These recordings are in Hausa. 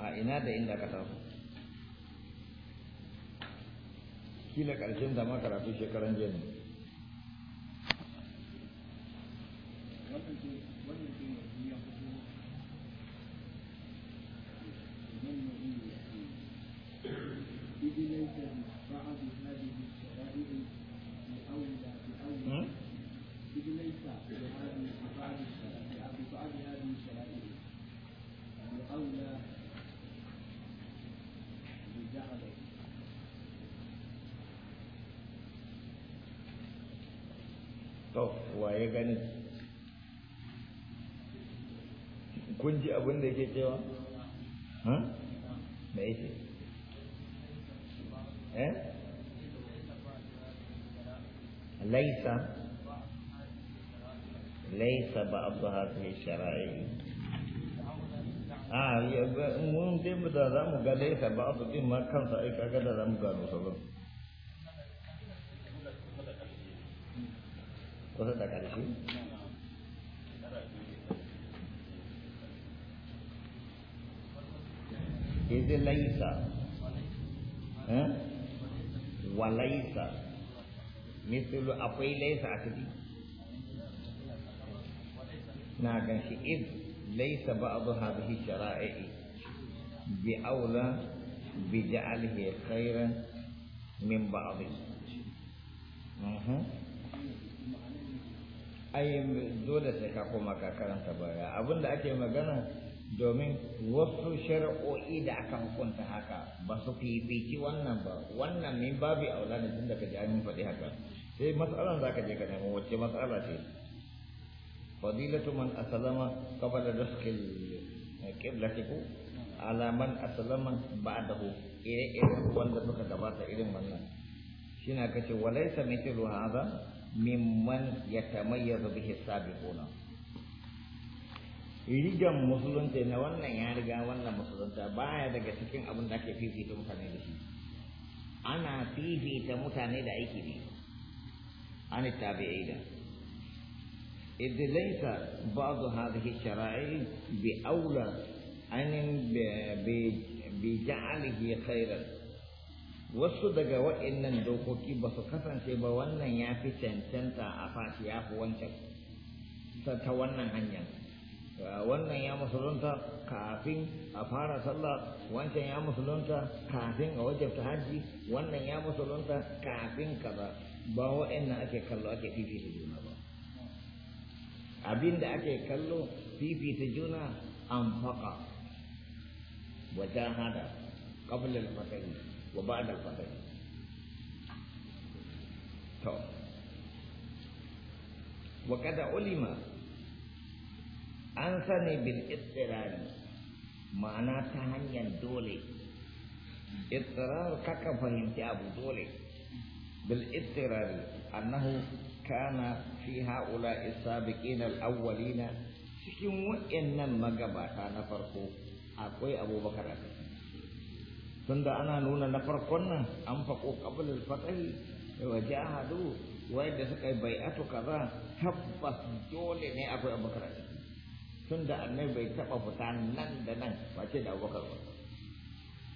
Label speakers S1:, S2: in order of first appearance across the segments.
S1: a ina da inda ka taso kila ƙarshen da makaratu shekaran jiya ne أولى hmm? hmm? ya gani kun ji abin da yake cewa yake eh laisa laisa ba abu hafi shara'i ah, a mun dai da za mu ga laisa ba abu din ma kansa ai kaga da za mu gano sabon Kusa da ƙarshe? Eze laisa, wa laisa, misalu akwai laisa a cikin? Na ganshi iz laisa ba abu habihi shara'i bi aula bi ja'alihi khairan min ba'dhi. Mhm. Uh ai dole sai ka koma ka karanta baya abinda ake magana domin wasu shari'o'i da aka hukunta haka ba su fifici wannan ba wannan min babu aula ne tun da ka ji an faɗi haka sai matsalan za ka je ka nemo wacce matsala ce fadilatu man asalama qabla dukhil eh, qiblatiku ala man asalama ba'dahu ire irin wanda suka gabata irin wannan shine kace walaysa mithlu hadha mimman yatamayyazu bihi sabiquna rigan musulunta na wannan ya riga wannan musulunta baya daga cikin abin da ake fifita mutane da shi ana fifita mutane da aiki ne an tabi'i da إذ ليس بعض هذه الشرائع بأولى أن بجعله خيرا wasu daga waɗannan dokoki ba su kasance ba wannan ya fi cancanta a fashi ya fi wancan ta wannan hanyar wannan ya musulunta kafin a fara sallah wancan ya musulunta kafin a wajabta hajji wannan ya musulunta kafin kaza ba waɗannan ake kallo ake fifita juna ba abin da ake kallo fifita juna an faƙa wajen hada al matsayi wa ba'd al-fatah to wa kada ulima an sani bil ma'ana ta hanyar dole istirar kaka fahimci abu dole bil annahu kana fi ha'ula'i sabiqin al-awwalina cikin wa'annan magabata na farko akwai abubakar a tunda ana nuna na farkon nan an faƙo ƙabalin fatari wa wa yadda suka yi bai'atu kaza tabbas dole ne akwai abubakar tunda annai bai taɓa fita nan da nan ba ce da abubakar ba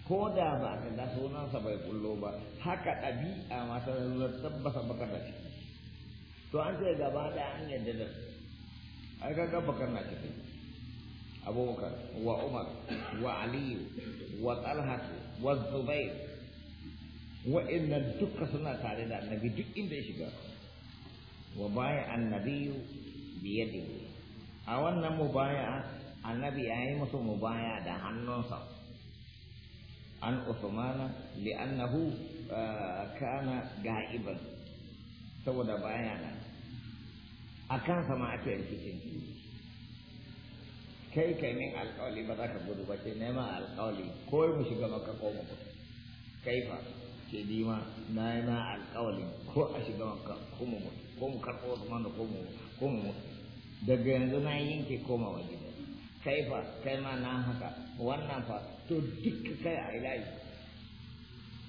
S1: ko da ba a ga sunansa bai kullo ba haka ɗabi'a ma ta nuna tabbas bakar da to an ce gaba da an yadda da ai gaba bakar na cikin abubakar wa umar wa aliyu wa talhatu wazubair wa inna dukka suna tare da annabi duk inda ya shiga wa baya annabi bi yadi a wannan mubaya annabi ya yi masa mubaya da hannunsa an usmana li annahu eh, kana gaiban saboda bayana akan sama a cikin kai kai min alƙawali ba za ka gudu ba ce nema alƙawali ko mu shiga maka ko mu kai fa ke ni ma na yi na alƙawali ko a shiga maka ko mu mutu ko mu karɓo wasu mana ko mu ko mu mutu daga yanzu na yanke koma wa gida kai fa kai ma na haka wannan fa to duka kai a ilahi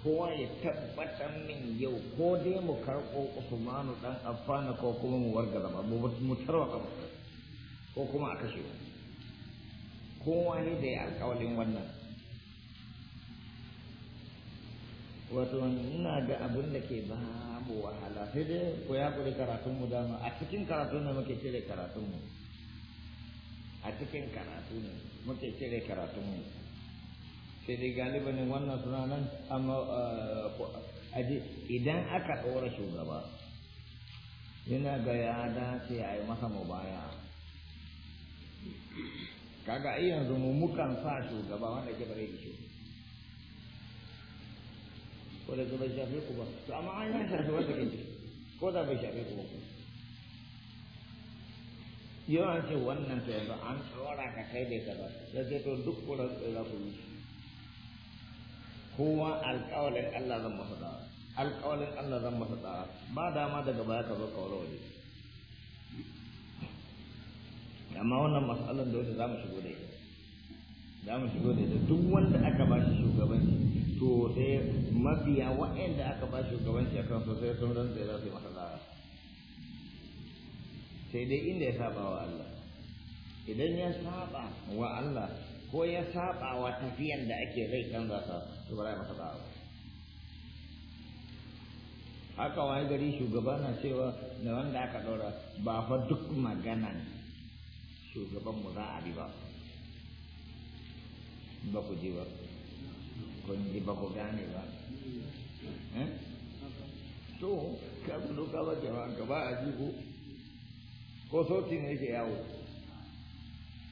S1: kowa ya tabbatar min yau ko dai mu karɓo usmanu dan affana ko kuma mu wargaza ba mu tarwa ko kuma a kashe mu kowa ne da ya alƙawalin wannan wato ina da abin da ke babu wahala sai dai ku ya kuri karatunmu dama a cikin karatun ne muke cire karatunmu a cikin karatu ne muke cire karatunmu sai dai galiba ne wannan suna nan amma eh, idan aka ɗora shugaba yana ga ya dace a yi masa mubaya kaga ai yanzu mu mukan sa shugaba wanda ke bare da shi ko da bai shafe ku ba to amma an yi shafe wanda ke ciki ko da bai shafe ku ba yawan ce wannan to yanzu an tsawara ka kai da ba da ce to duk kuran za ku yi kowa alkawalin Allah zan masa tsara alkawalin Allah zan masa tsara ba dama daga baya ka zo kawalawa ne amma wannan matsalar da wata za mu shigo da ita za mu shigo da ita duk wanda aka ba shi shugabanci to sai mafiya wa'anda aka ba shugabanci a kan sosai sun zai za su yi masa zara sai dai inda ya saba wa Allah idan ya saba wa Allah ko ya saba wa tafiyan da ake zai canza ta to ba masa zara haka wani gari shugaba na cewa da wanda aka ɗora ba fa duk magana. shugabanmu za a bi ba ba ku ji ba kun ji ba ku gane ba eh? to ka kudu ka ba jawa ka ba a ji ko ko sautin yake yawo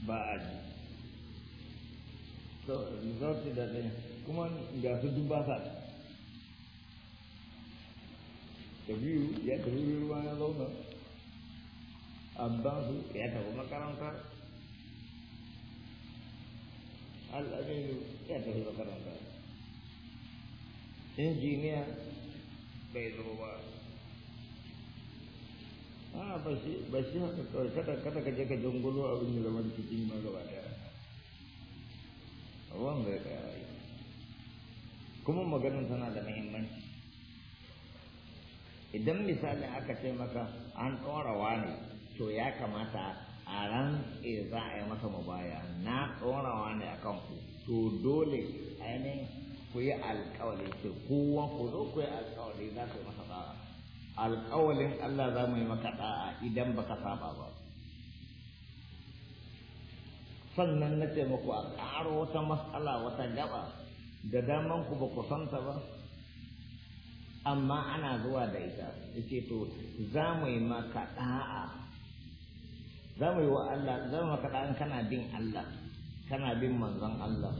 S1: ba a ji sauti da ɗaya kuma ga su duk ba sa da biyu ya tafi ruwa ya zauna abbansu ya tafi makaranta al'aminu ya tafi makaranta injiniya bai zo ba a ba shi haka kawai kada ka je ka jangulo abin da zama cikin ma gaba daya ruwan bai tsaya kuma maganin tana da muhimmanci idan misali aka ce maka an ɗora wani to ya kamata a ran e za a yi masa mabaya, na tsorawa ne a ku. to dole ainihin ku yi alkawali ce kowa ku zo ku yi alkawali za ku yi masa tsara alkawalin Allah za mu yi maka da'a idan ba ka saba ba sannan na ce muku a ƙaro wata matsala wata gaba da daman ku ba ku santa ba amma ana zuwa da ita yace to za mu yi maka da'a za mu yi wa Allah za mu maka ɗan kana bin Allah kana bin manzon Allah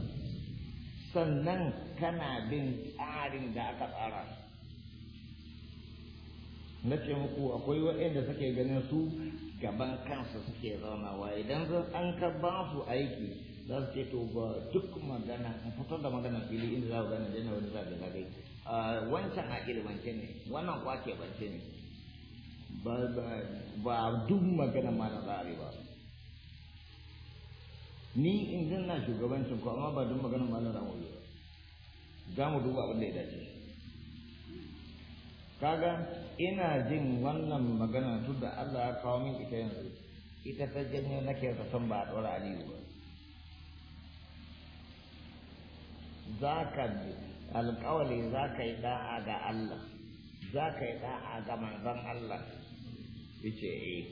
S1: sannan kana bin tsarin da aka tsara na ce muku akwai waɗanda suke ganin su gaban kansu suke zaunawa idan zan an ka ba su aiki za su ce to ba duk magana in fitar da magana fili inda za ku gane jana wani zagaye zagaye ah, wancan a ilimance ne wannan kwake bance ne ba duk magana ma na tsari ba ni in zan na shugabancin ko amma ba duk magana ma na ramu yi za mu duba abin da ya dace kaga ina jin wannan magana tun da Allah ya kawo min ita yanzu ita ta janyo nake da san ba a ɗora aliyu ba za ka alƙawali za ka yi da'a ga Allah za ka yi da'a ga manzon Allah yace eh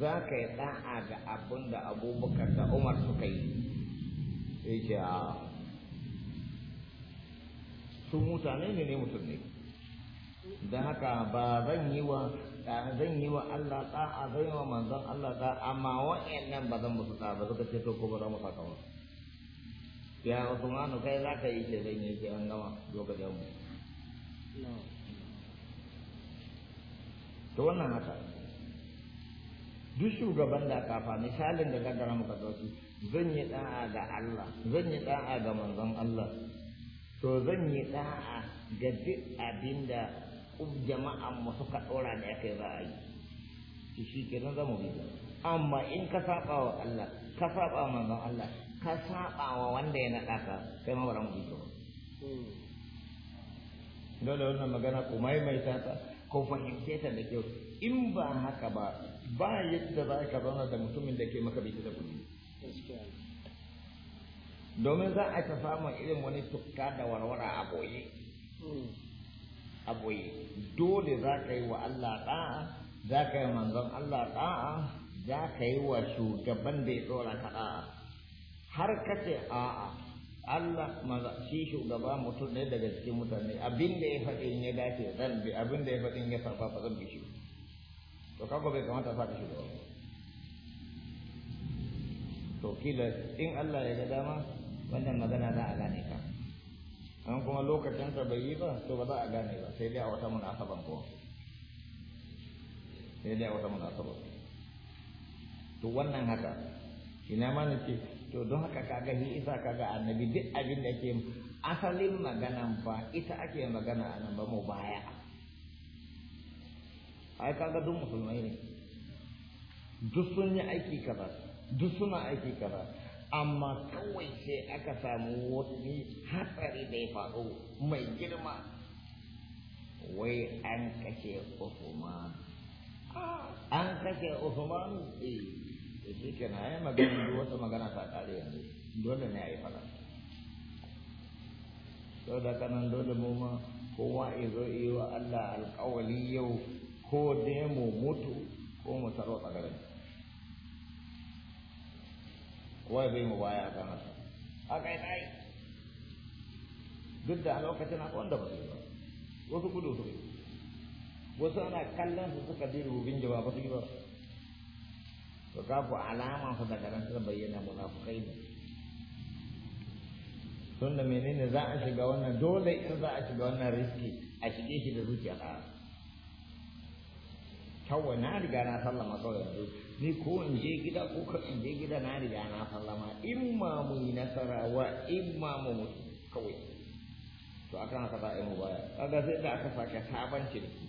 S1: za ka yi da'a ga abin da abubakar da umar suka yi yace a su mutane ne ne mutum ne da haka ba zan yi wa zan yi wa Allah da'a zan yi wa manzon Allah da'a amma wa'annan ba zan musu da'a ba suka ce to ko ba za mu saka ba ya Usmanu kai za ka yi ce zan yi ke an gama lokacin mu to wannan haka duk shugaban da fa misalin da gara muka dauki zan yi da'a ga Allah zan yi da'a ga manzon Allah to zan yi da'a ga duk abinda jama'an mu suka dora ne akai za a yi to shi ke nan zamu yi amma in ka saba wa Allah ka saba manzon Allah ka saba wa wanda ya naɗa ka kai ma bara mu bi hmm. dole wannan magana kuma mai mai ko fahimce ta da kyau in ba haka ba ba yadda za ka zauna da mutumin da ke maka bi da kudi domin za a ta samun irin wani tukka da warwara a boye a dole za ka yi wa Allah da'a za ka yi manzon Allah da'a za ka yi wa shugaban da ya tsora ka da'a har ka ce a'a Allah maza shi shugaba mutum ne daga cikin mutane abin da ya faɗi in ya dace zan bi abin da ya faɗi in ya safa fa zan bi shi to kaga bai kamata a faɗi shugaba to kila in Allah ya ga dama wannan magana za a gane ka an kuma lokacin ka bai yi ba to ba za a gane ba sai dai a wata munasaban ko sai dai a wata munasaban to wannan haka ina ma ce to don haka kaga shi isa kaga annabi duk abin da ke asalin maganan fa ita ake magana a nan ba mu baya ai kaga duk musulmai ne duk sun yi aiki kaza duk suna aiki kaza amma kawai sai aka samu wani hatsari da ya faru mai girma wai an kashe Usman ah, an kashe Usman eh to shi na ya magana duk wata magana ta ƙare yanzu dole ne a yi fara sau da kanan dole mu ma kowa ya zo yi Allah alƙawali yau ko dai mu mutu ko mu taro tsagarin kowa zai mu baya a kan haka haka ya tsaye duk da a lokacin akwai wanda ba su yi ba wasu gudu wasu ana kallon su suka je rubin jaba ba su yi ba to ka ku alama su daga nan ta bayyana munafukai ne tun da menene za a shiga wannan dole in za a shiga wannan riski a shige shi da zuciya ta kawai na riga na sallama kawai yanzu ni ko in je gida ko ka in je gida na riga na sallama in ma mu yi nasara wa in ma mu mutu kawai to akan na za in mu baya kaga sai da aka sake sabon ciniki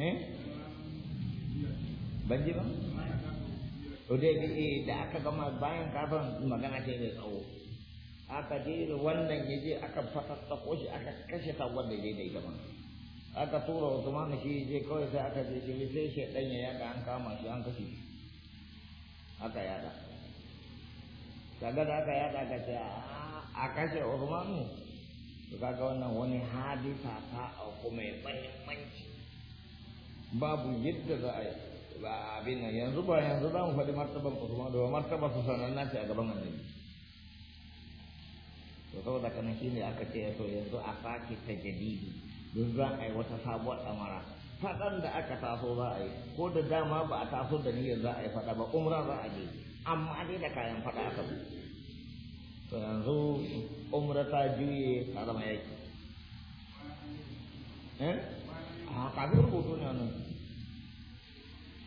S1: eh ban ji ba Hudaybiya da aka gama bayan kafin magana ce mai tsawo aka je wannan ya je aka fatattako shi aka kashe tagon wanda je da ita aka tura wasu mana shi je kawai sai aka je shi sai shi dan ya yada an kama shi an kashe shi aka yada kaga da aka yada ka ce a kashe Usmanu to kaga wannan wani hadisa ta auku mai muhimmanci babu yadda za a yi ba abin nan yanzu ba yanzu za mu faɗi martaban Usman da martaba su sananna ce a gaban annabi to saboda kana ne aka ce to yanzu a ta jadidi don za a yi wata sabuwar damara faɗan da aka taso za a yi ko da dama ba a taso da niyyar za a yi faɗa ba umra za a je amma dai da kayan faɗa aka zo to yanzu umra ta juye ta zama yaki eh a kafin rubutu ne wannan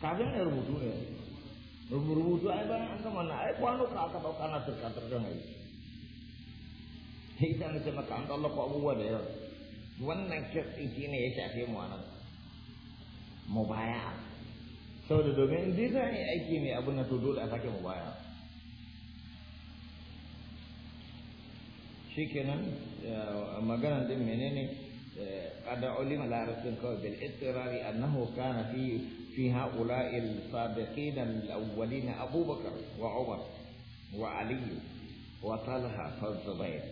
S1: kafin ya rubutu ne rubutu ai bayan an gama na ai kwanuka aka dauka na turkatar da mai sai ta nace maka an tsallaka abubuwa da wannan kirtsi shi ya shafe mu mu baya saboda domin in dai yi aiki ne abin na to dole a sake mu baya shikenan maganan din menene eh, قد علم العرب kawai bil itirari annahu كان في هؤلاء السابقين الأولين أبو بكر وعمر وعلي وطلحة فالزبير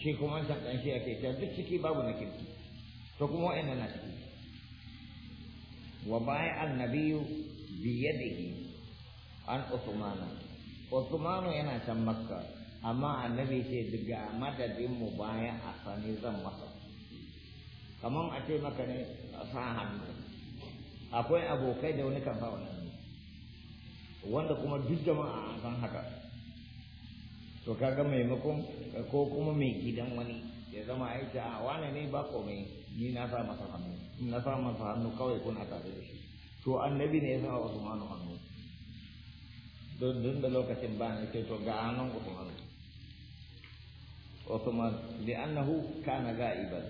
S1: shi kuma an san shi ake cewa ciki babu na kirki to kuma wa'annan na ciki wa bai annabiyu bi yadihi an usmana usmanu yana can makka amma annabi ce daga madadin mu baya a sani zan a ce maka ne sa hannu akwai abokai da wani kan sa wannan wanda kuma duk jama'a a san haka to kaga maimakon ko kuma mai gidan wani ya zama ya ce a wane ne ba komai ni na sa masa hannu na sa masa hannu kawai kuna tare da shi to annabi ne ya sa wa Usmanu hannu don da lokacin ba ne to ga hannun Usmanu Usman annahu kana ga'iban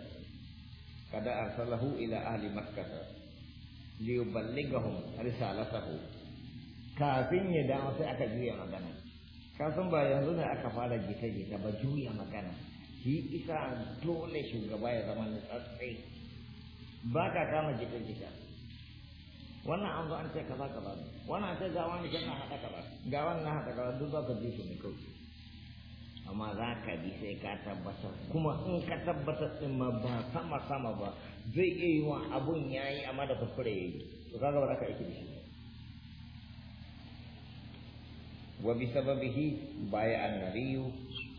S1: kada arsalahu ila ahli makkah liyuballigahum risalatahu kafin ya da sai aka juya magana kasan ba yanzu ne aka fara gita-gita ba juya magana shi isa dole shugaba ya zama nutsatse ba ka kama jita-jita wannan an zo an ce kaza kaza wannan an ce ga wani kan na haɗa kaza ga wani na haɗa kaza duk za ka ji su ne kawai amma za ka bi sai ka tabbatar kuma in ka tabbatar ɗin ma ba sama sama ba zai iya yi wa abun ya yi amma da kuskure ya yi to kaga ba za ka aiki da shi wa bi sababihi baya annabiyu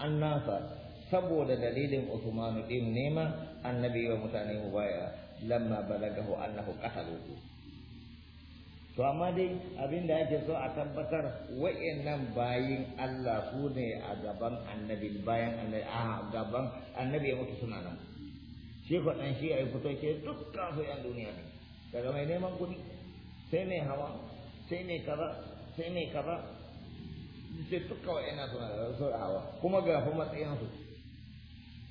S1: annasa saboda dalilin Uthman din nema annabi wa mutane mu baya lamma balagahu annahu qataluhu to amma dai da yake so a tabbatar wa'annan bayin Allah su ne a gaban annabi bayan annabi a gaban annabi ya mutu suna nan shi faɗan shi a yi fito ce duk kafiran duniya ne daga mai neman kuɗi sai mai hawa sai mai kaza sai mai kaza sai duka wa'ina suna da su hawa kuma ga fa matsayinsu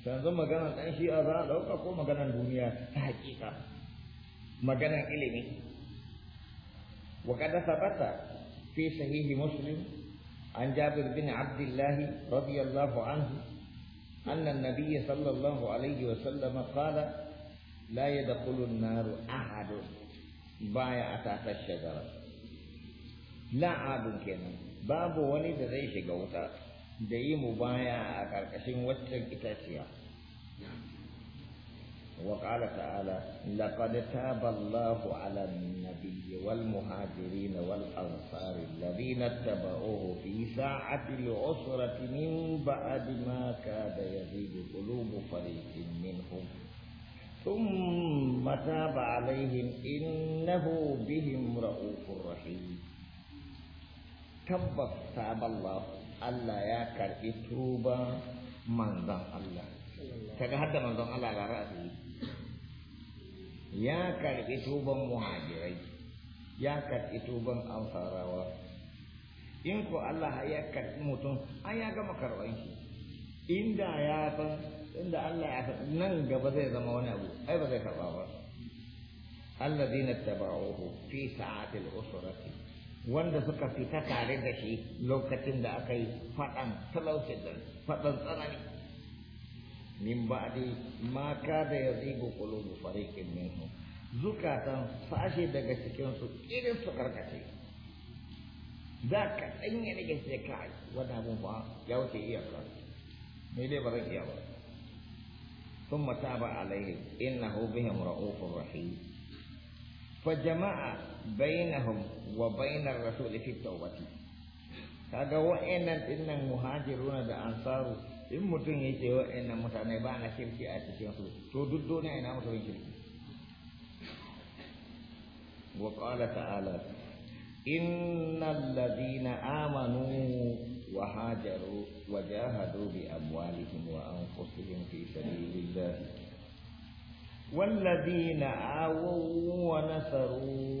S1: yanzu maganar ɗan shi'a za a ɗauka ko maganar duniya ta hakika maganar ilimi wa kada sabata fi sahihi muslim an jabir bin abdullahi radiyallahu anhu أن النبي صلى الله عليه وسلم قال لا يدخل النار أحد بايع تحت الشجرة لا أحد كنا باب ولد زي شجوتا دي مبايع أكاركشين واتشك إتاسيا وقال تعالى لقد تاب الله على النبي والمهاجرين والأنصار الذين اتبعوه في ساعة العسرة من بعد ما كاد يزيد قلوب فريق منهم ثم تاب عليهم إنه بهم رؤوف رحيم تبت تاب الله ألا يا إتوبا من ذا الله تجهد من ذا الله على رأسه ya karɓi tuban muhajirai ya karɓi tuban ansarawa in ko Allah ya karɓi mutum an ya gama karɓan shi inda ya san inda Allah ya san nan gaba zai zama wani abu ai ba zai karba ba alladhina tabauhu fi sa'atil usrati wanda suka fita tare da shi lokacin da aka yi faɗan talaucin faɗan tsanani min ba'di ma kada yazigu qulubu fariqin minhum zukatan sashe daga cikin su irin su karkace za ka tsanye daga sai kai wannan abun ba ya wuce iya ka ne dai ba zan iya ba ثم تاب عليهم إنه بهم رؤوف رحيم فجمع بينهم وبين الرسول في التوبة هذا وإن إن المهاجرون da ansaru. in mutum ya ce wa'annan mutane ba na shirki a cikin su to duk duniya ina mutum shirki wa qala ta'ala innal ladina amanu wa hajaru wa jahadu bi amwalihim wa anfusihim fi sabilillah والذين آووا ونصروا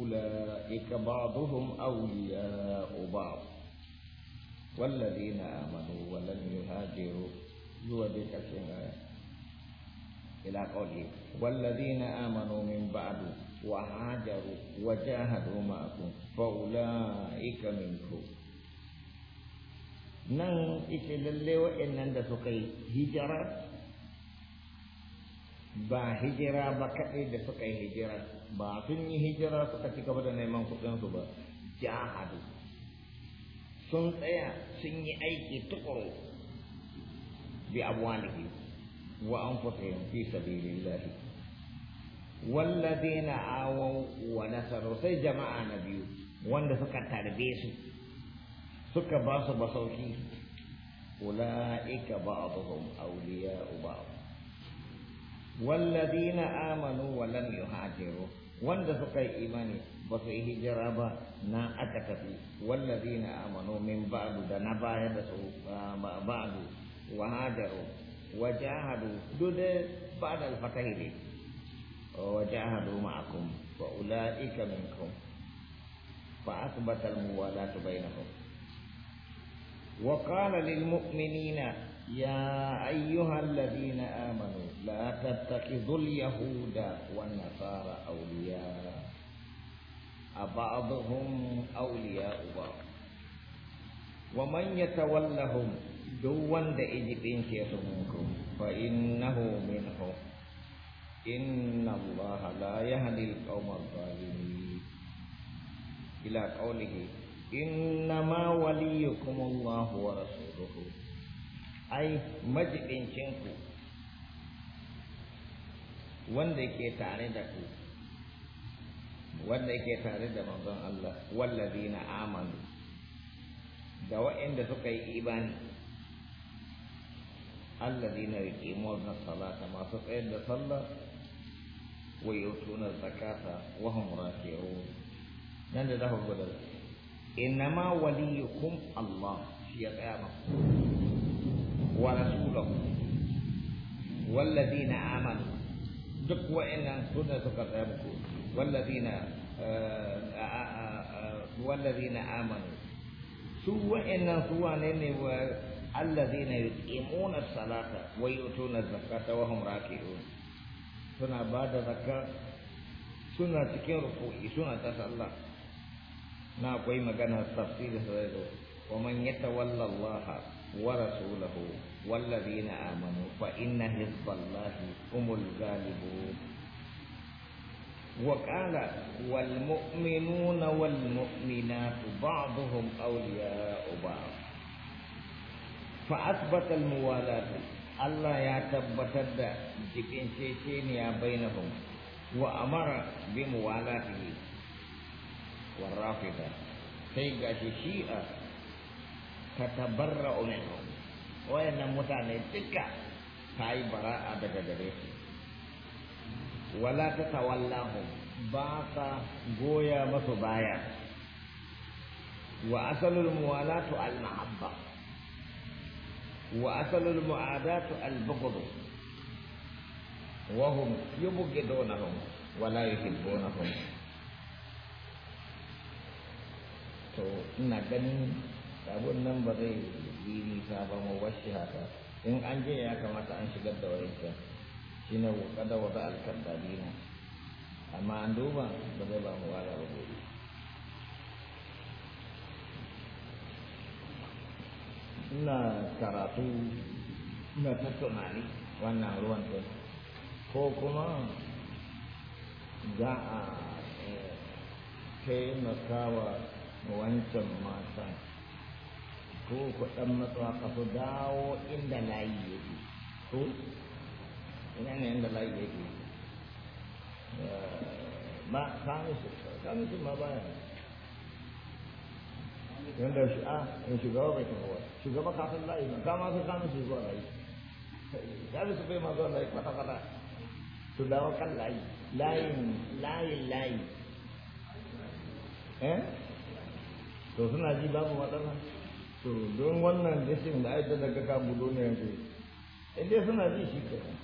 S1: أولئك بعضهم أولياء بعض Walladina Amanu ولم yuhajiru zuwa dai ƙarshen ila qawli walladina amanu min ba'du wa hajaru wa jahadu ma'akum fa ulaika minkum nan ita lalle wa'annan da suka yi hijira ba hijira ba kai da suka yi hijira ba sun yi hijira suka ci gaba da neman su ba jahadu sun tsaya sun yi aiki tukuru bi ke wa yin fi sabilillah na awon wa nasaru sai jama'a na biyu wanda suka tarbe su suka ba su basauki ulaika uba. awliya'u ba'd walladheena amanu wa lam yuhajiru wanda suka yi imani وفيه جرابا نا أكتفي والذين آمنوا من بعد دنبا يدسوا آه، بعد وهاجروا وجاهدوا دود بعد الفتحين وجاهدوا معكم وأولئك منكم فأثبت الموالاة بينهم وقال للمؤمنين يا أيها الذين آمنوا لا تتخذوا اليهود والنصارى أولياء Aba'u da hunun, aure ya uba. Wa manya ta wallaho don wanda in ji finkin sunanku? Ba'in nahu, min hun. Inna Allah ya haliyyar ƙaunar Fadudu, in nama waliya kuma wawarwar surutu. Ai maji finkin ku. Wanda yake tare da ku. wanda yake tare da manzon Allah wallazina amanu da waɗanda suka yi imani allazina yuqimuna salata ma su tsayar da sallah wa yutuna zakata wa hum raki'un nan da zaku gudu innama waliyukum Allah shi ya tsaya maku wa rasuluhu wallazina amanu duk wa'annan sunna suka tsaya muku wallazina والذين آمنوا سوى إن سوى لن الذين يقيمون الصلاة ويؤتون الزكاة وهم راكعون سنة بعد زكاة سنة cikin ruku'i suna ta sallah na akwai magana tafsiri sai da wa man yatawalla Allah wa rasulahu wallazina amanu fa inna hizballahi umul ghalibun وقال والمؤمنون والمؤمنات بعضهم أولياء بعض فأثبت الموالاة الله يتبتد جبين شيشين يا بينهم وأمر بموالاته والرافضة سيجا شيئا تتبرأ منهم وإن متعني تكا فأي براءة دقدريسي wala ta tawallahu ba sa goya masu baya wa asalul muwalatu al mahabba wa asalul mu'adatu al bughd wa hum yubghidunahum wa la yuhibbunahum to ina ganin sabon nan ba zai yi nisa ba mu bashi haka in an je ya kamata an shigar da wa'insa shine kada wata al-kadabina amma an duba ba zai ba mu wala ba gobe ina karatu ina ta tunani wannan ruwan ko kuma za a eh, taimakawa wancan matan ko ɗan matsa kafa dawo inda layi yake ko ina ne yanda layi yake ma kamisu kamisu ma baya yanda shi a ya shugaba bai tafi ba shugaba kafin layi ba kama su kamisu zuwa layi kamisu bai ma zuwa layi kwata-kwata su dawo kan layi layin layin layi eh to suna ji babu matsala to don wannan jisim da aita daga kabulo ne yanzu in dai suna ji shi kenan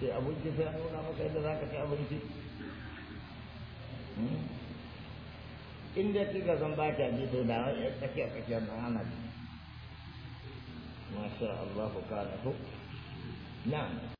S1: sai abinci sai nuna maka yadda za ka ci abinci hmm? inda kika zan ba ta ji to da wani tsakiya tsakiya na ana ji masha Allah ka na to na